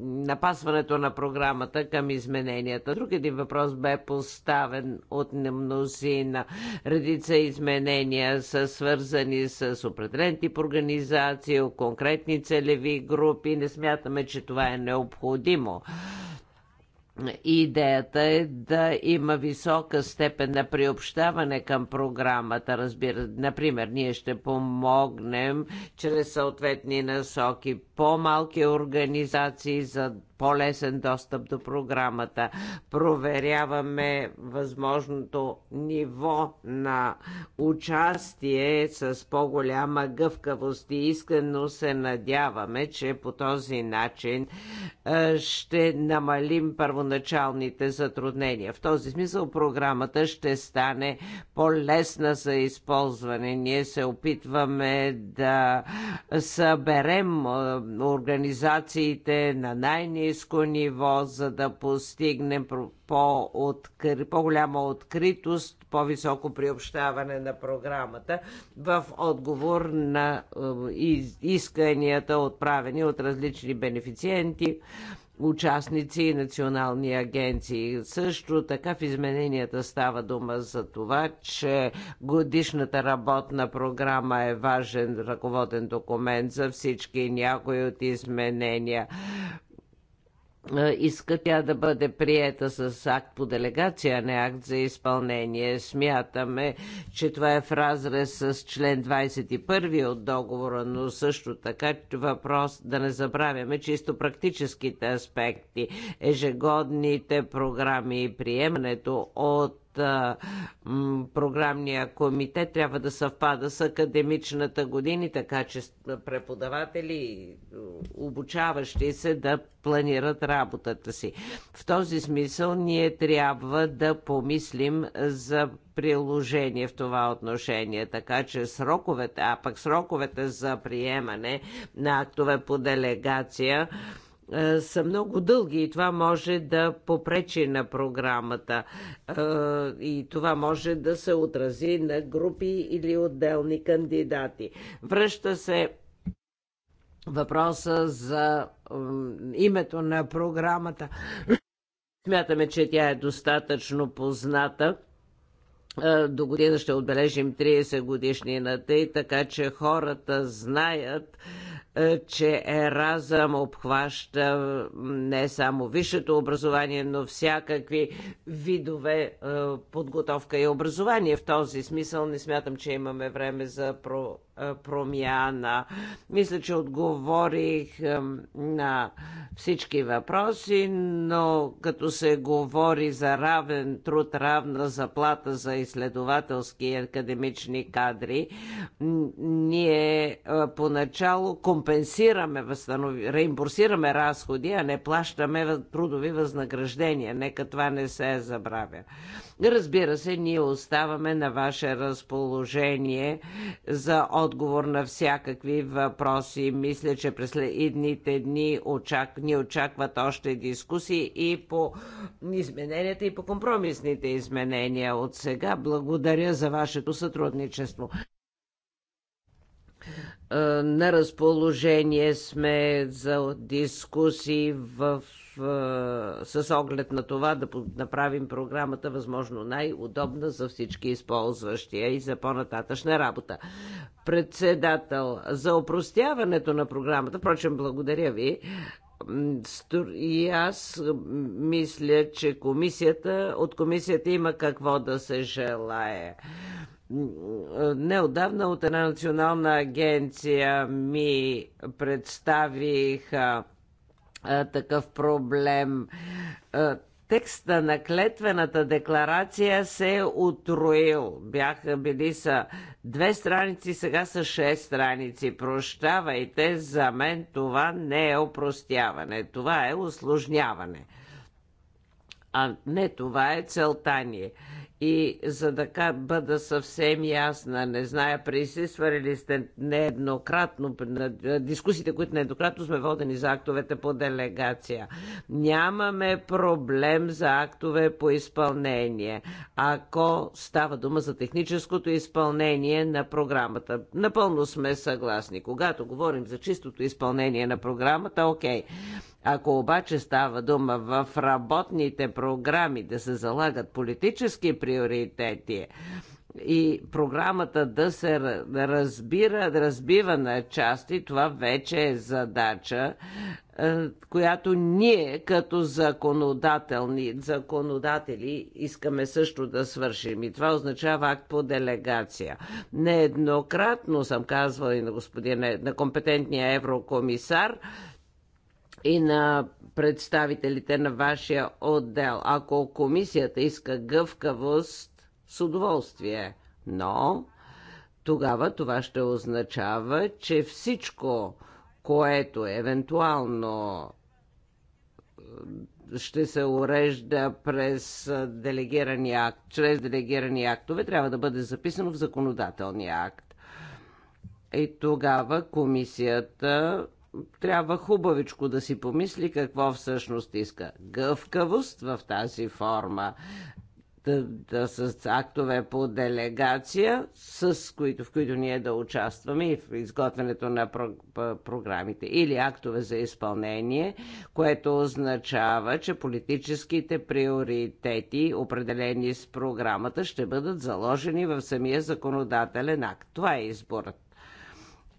напасването на програмата към измененията. Друг един въпрос бе поставен от на Редица изменения са свързани с определен тип организации, конкретни целеви групи. Не смятаме, че това е необходимо. Идеята е да има висока степен на приобщаване към програмата. Разбира, например, ние ще помогнем чрез съответни насоки по-малки организации за по-лесен достъп до програмата. Проверяваме възможното ниво на участие с по-голяма гъвкавост и искрено се надяваме, че по този начин ще намалим първоначалните затруднения. В този смисъл програмата ще стане по-лесна за използване. Ние се опитваме да съберем организациите на най-низко ниво, за да постигнем по-голяма -откри, по откритост, по-високо приобщаване на програмата в отговор на е, исканията, отправени от различни бенефициенти участници и национални агенции. Също така в измененията става дума за това, че годишната работна програма е важен ръководен документ за всички някои от изменения е, иска тя да бъде приета с акт по делегация, а не акт за изпълнение. Смятаме, че това е в разрез с член 21 от договора, но също така въпрос да не забравяме чисто практическите аспекти, ежегодните програми и приемането от а, м, програмния комитет трябва да съвпада с академичната година. така че преподаватели обучаващи се да планират работата си. В този смисъл ние трябва да помислим за приложение в това отношение. Така че сроковете, а пък сроковете за приемане на актове по делегация, е, са много дълги и това може да попречи на програмата. Е, и това може да се отрази на групи или отделни кандидати. Връща се въпроса за името на програмата. Смятаме, че тя е достатъчно позната е, до година ще отбележим 30 годишнината и така, че хората знаят че Еразъм обхваща не само висшето образование, но всякакви видове е, подготовка и образование. В този смисъл не смятам, че имаме време за про промяна. Мисля, че отговорих на всички въпроси, но като се говори за равен труд, равна заплата за изследователски и академични кадри, ние поначало компенсираме, възстанови, реимбурсираме разходи, а не плащаме трудови възнаграждения. Нека това не се забравя. Разбира се, ние оставаме на ваше разположение за отговор на всякакви въпроси. Мисля, че през следните дни очак... ни очакват още дискусии и по измененията, и по компромисните изменения от сега. Благодаря за вашето сътрудничество е, на разположение сме за дискусии в е, с оглед на това да направим програмата възможно най-удобна за всички използващи и за по-нататъчна работа. Председател, за опростяването на програмата, впрочем, благодаря ви, и аз мисля, че комисията, от комисията има какво да се желае. Е, неодавна от една национална агенция ми представиха а, такъв проблем. А, текста на клетвената декларация се е отроил. Бяха били са две страници, сега са шест страници. Прощавайте, за мен това не е опростяване, това е осложняване. А не това е целта ни. И за да бъда съвсем ясна, не зная, присъствали ли сте нееднократно на дискусиите, които нееднократно сме водени за актовете по делегация. Нямаме проблем за актове по изпълнение, ако става дума за техническото изпълнение на програмата. Напълно сме съгласни. Когато говорим за чистото изпълнение на програмата, окей. Ако обаче става дума в работните програми да се залагат политически приоритети и програмата да се разбира, разбива на части, това вече е задача, е, която ние като законодателни, законодатели искаме също да свършим. И това означава акт по делегация. Нееднократно съм казвала и на господин, на компетентния еврокомисар, и на представителите на вашия отдел. Ако комисията иска гъвкавост, с удоволствие. Но тогава това ще означава, че всичко, което евентуално ще се урежда през делегирани акт, чрез делегирани актове, трябва да бъде записано в законодателния акт. И тогава комисията трябва хубавичко да си помисли какво всъщност иска. Гъвкавост в тази форма да, да, с актове по делегация, с които, в които ние да участваме и в изготвянето на про, по, програмите, или актове за изпълнение, което означава, че политическите приоритети, определени с програмата, ще бъдат заложени в самия законодателен акт. Това е изборът.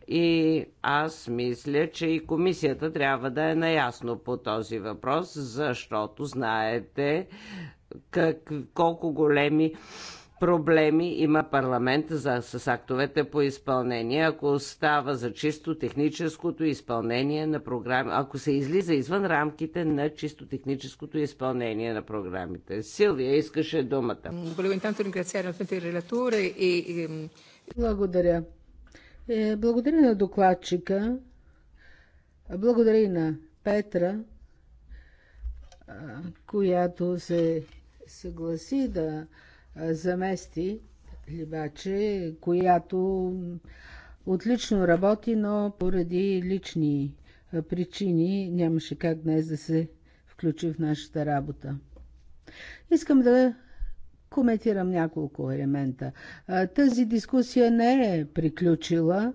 И аз мисля, че и комисията трябва да е наясно по този въпрос, защото знаете как, колко големи проблеми има парламент за, с актовете по изпълнение, ако става за чисто техническото изпълнение на програми, ако се излиза извън рамките на чисто техническото изпълнение на програмите. Силвия искаше думата. E, Благодаря. Е, благодаря на докладчика, благодаря и на Петра, която се съгласи да замести Либаче, която отлично работи, но поради лични причини нямаше как днес да се включи в нашата работа. Искам да коментирам няколко елемента. Тази дискусия не е приключила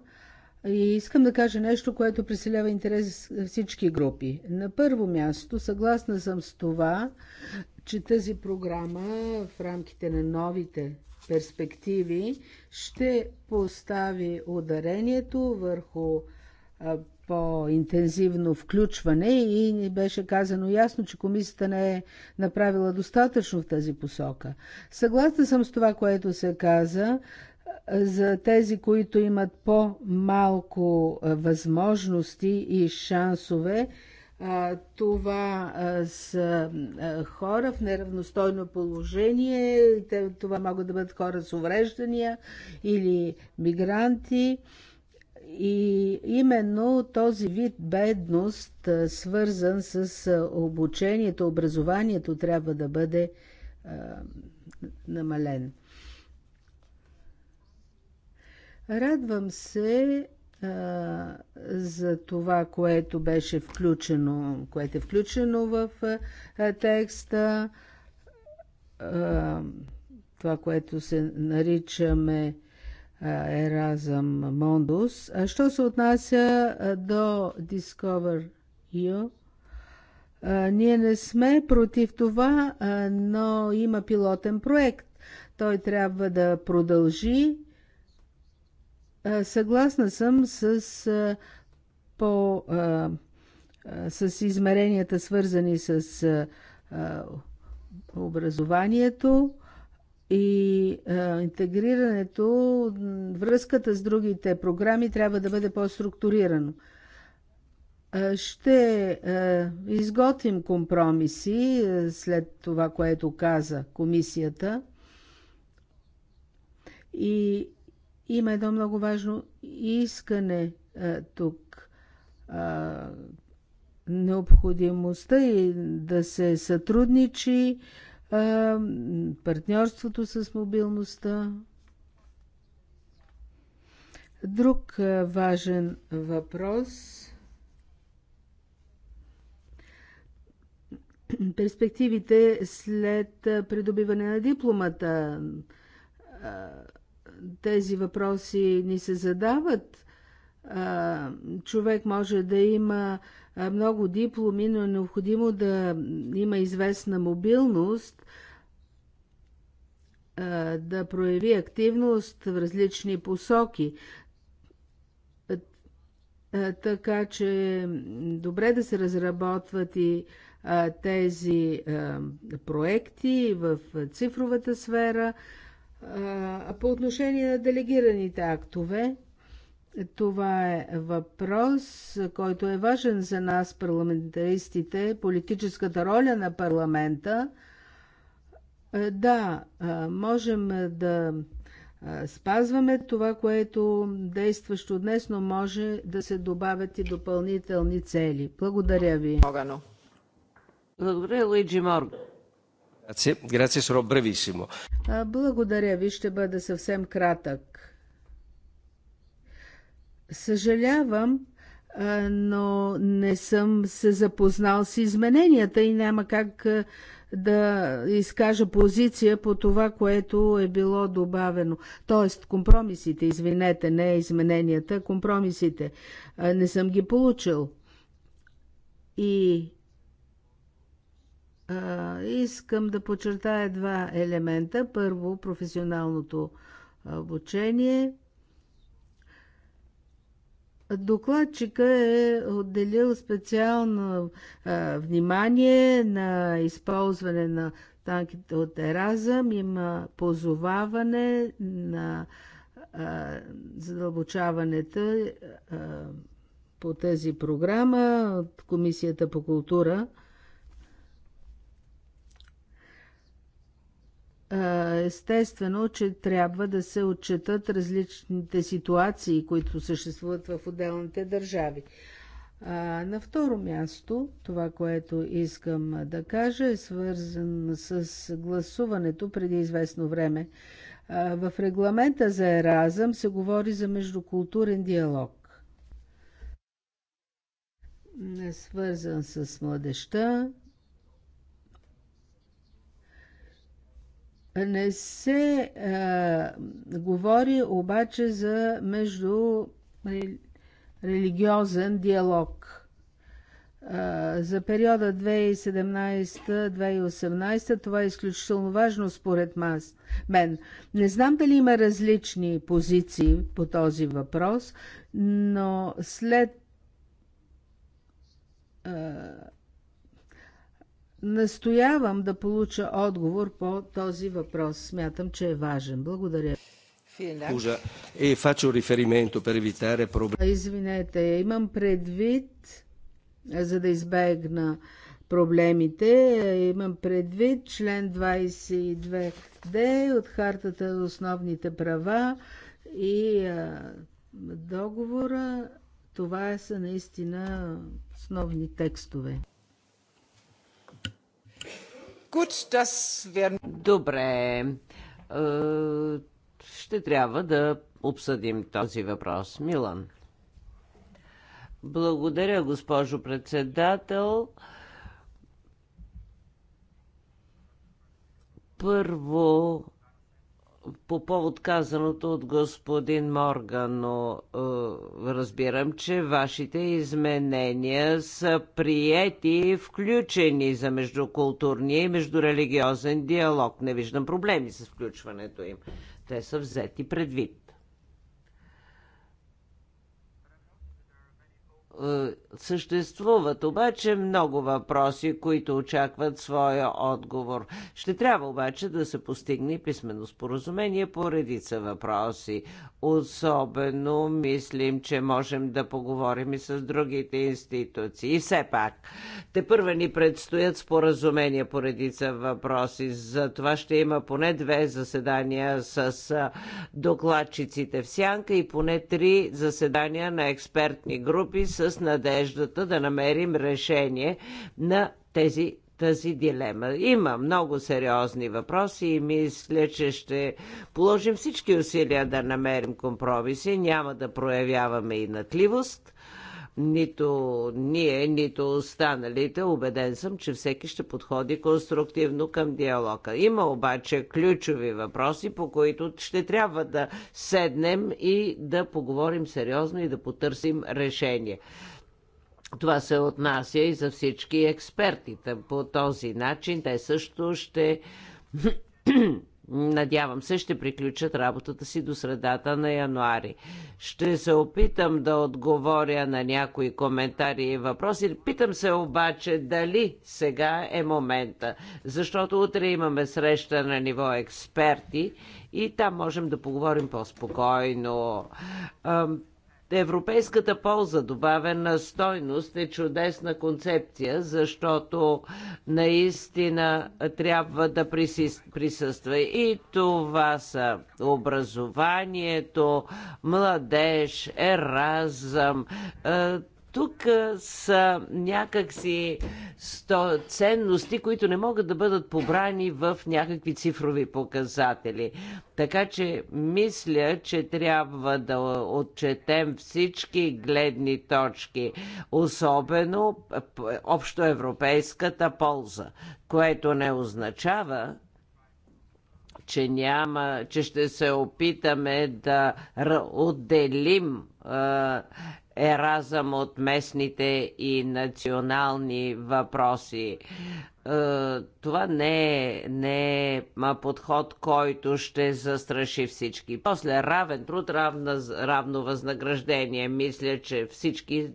и искам да кажа нещо, което преселява интерес всички групи. На първо място, съгласна съм с това, че тази програма в рамките на новите перспективи ще постави ударението върху по-интензивно включване и ни беше казано ясно, че комисията не е направила достатъчно в тази посока. Съгласна съм с това, което се каза за тези, които имат по-малко възможности и шансове. Това са хора в неравностойно положение, това могат да бъдат хора с увреждания или мигранти и именно този вид бедност, свързан с обучението, образованието, трябва да бъде а, намален. Радвам се а, за това, което беше включено, което е включено в а, текста, а, това, което се наричаме Erasm Mundus. Що се отнася до Discover EU, ние не сме против това, но има пилотен проект. Той трябва да продължи. Съгласна съм с, по, с измеренията, свързани с образованието и а, интегрирането, връзката с другите програми трябва да бъде по-структурирано. Ще а, изготвим компромиси а, след това, което каза комисията. И има едно много важно искане а, тук. А, необходимостта и да се сътрудничи партньорството с мобилността. Друг важен въпрос перспективите след придобиване на дипломата. Тези въпроси ни се задават. Човек може да има много дипломи, но е необходимо да има известна мобилност, да прояви активност в различни посоки. Така че добре да се разработват и тези проекти в цифровата сфера. По отношение на делегираните актове, това е въпрос, който е важен за нас, парламентаристите, политическата роля на парламента. Е, да, е, можем да е, спазваме това, което действащо днес, но може да се добавят и допълнителни цели. Благодаря ви. Благодаря, Луиджи Морган. Благодаря ви, ще бъда съвсем кратък. Съжалявам, но не съм се запознал с измененията и няма как да изкажа позиция по това, което е било добавено. Тоест, компромисите, извинете, не измененията, компромисите. Не съм ги получил. И а, искам да подчертая два елемента. Първо, професионалното обучение Докладчика е отделил специално а, внимание на използване на танките от Еразъм. Има позоваване на а, задълбочаването а, по тази програма от Комисията по култура – Естествено, че трябва да се отчетат различните ситуации, които съществуват в отделните държави. На второ място, това, което искам да кажа, е свързан с гласуването преди известно време. В регламента за Еразъм се говори за междукултурен диалог, свързан с младеща, Не се а, говори обаче за между религиозен диалог. А, за периода 2017-2018 това е изключително важно според мас, мен. Не знам дали има различни позиции по този въпрос, но след а, Настоявам да получа отговор по този въпрос. Смятам, че е важен. Благодаря. Scusa, e faccio riferimento per evitare problemi. Извинете, имам предвид, за да избегна проблемите, имам предвид член 22d от Хартата на основните права и а, договора. Това са наистина основни текстове. Добре. Е, ще трябва да обсъдим този въпрос. Милан. Благодаря, госпожо председател. Първо по повод казаното от господин Морган, но е, разбирам, че вашите изменения са приети и включени за междукултурния и междурелигиозен диалог. Не виждам проблеми с включването им. Те са взети предвид. Е, съществуват обаче много въпроси, които очакват своя отговор. Ще трябва обаче да се постигне писмено споразумение по редица въпроси. Особено мислим, че можем да поговорим и с другите институции. И все пак, те първа ни предстоят споразумения по редица въпроси. За това ще има поне две заседания с докладчиците в Сянка и поне три заседания на експертни групи с с надеждата да намерим решение на тези тази дилема. Има много сериозни въпроси и мисля, че ще положим всички усилия да намерим компромиси. Няма да проявяваме и натливост нито ние, нито останалите. Убеден съм, че всеки ще подходи конструктивно към диалога. Има обаче ключови въпроси, по които ще трябва да седнем и да поговорим сериозно и да потърсим решение. Това се отнася и за всички експертите. По този начин те също ще Надявам се, ще приключат работата си до средата на януари. Ще се опитам да отговоря на някои коментари и въпроси. Питам се обаче дали сега е момента, защото утре имаме среща на ниво експерти и там можем да поговорим по-спокойно. Европейската полза, добавена стойност е чудесна концепция, защото наистина трябва да присъства. И това са образованието, младеж, еразъм, е, тук са някакси сто ценности, които не могат да бъдат побрани в някакви цифрови показатели. Така че мисля, че трябва да отчетем всички гледни точки, особено общоевропейската полза, което не означава, че няма, че ще се опитаме да отделим еразъм от местните и национални въпроси. Е, това не е, не е подход, който ще застраши всички. После равен труд, равна, равно възнаграждение. Мисля, че всички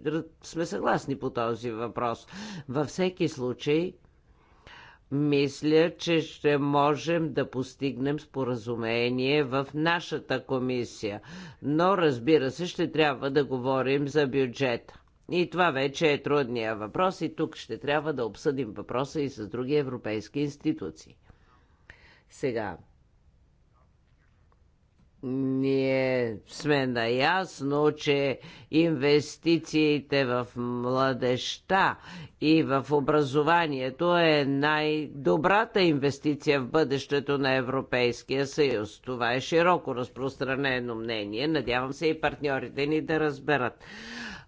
сме съгласни по този въпрос. Във всеки случай, мисля, че ще можем да постигнем споразумение в нашата комисия. Но, разбира се, ще трябва да говорим за бюджета. И това вече е трудния въпрос и тук ще трябва да обсъдим въпроса и с други европейски институции. Сега, ние сме наясно, че инвестициите в младеща и в образованието е най-добрата инвестиция в бъдещето на Европейския съюз. Това е широко разпространено мнение. Надявам се и партньорите ни да разберат.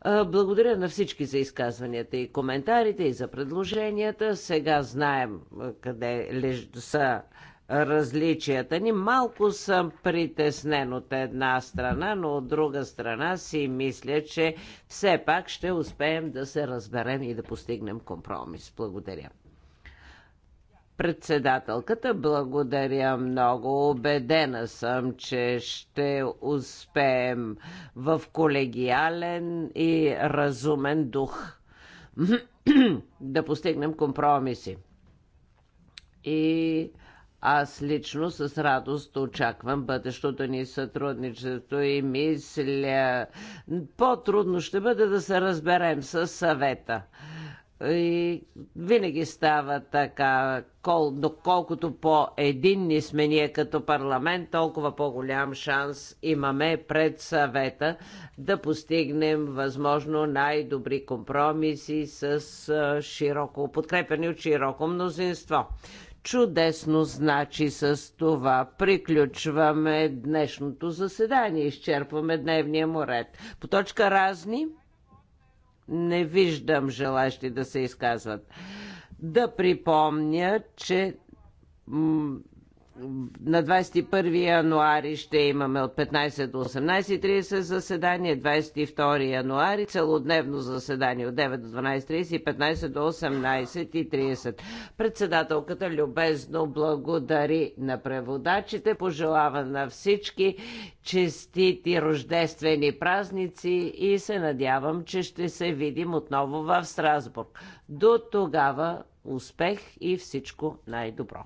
Благодаря на всички за изказванията и коментарите и за предложенията. Сега знаем къде са различията ни. Малко съм притеснен от една страна, но от друга страна си мисля, че все пак ще успеем да се разберем и да постигнем компромис. Благодаря председателката. Благодаря много. Обедена съм, че ще успеем в колегиален и разумен дух да постигнем компромиси. И аз лично с радост очаквам бъдещото ни сътрудничество и мисля, по-трудно ще бъде да се разберем с съвета. И винаги става така, кол, доколкото по-единни сме ние като парламент, толкова по-голям шанс имаме пред съвета да постигнем възможно най-добри компромиси с широко, подкрепени от широко мнозинство. Чудесно значи с това приключваме днешното заседание. Изчерпваме дневния му ред. По точка разни не виждам желащи да се изказват. Да припомня, че на 21 януари ще имаме от 15 до 18.30 заседание, 22 януари целодневно заседание от 9 до 12.30 и 15 до 18.30. Председателката любезно благодари на преводачите, пожелава на всички честити рождествени празници и се надявам, че ще се видим отново в Страсбург. До тогава успех и всичко най-добро!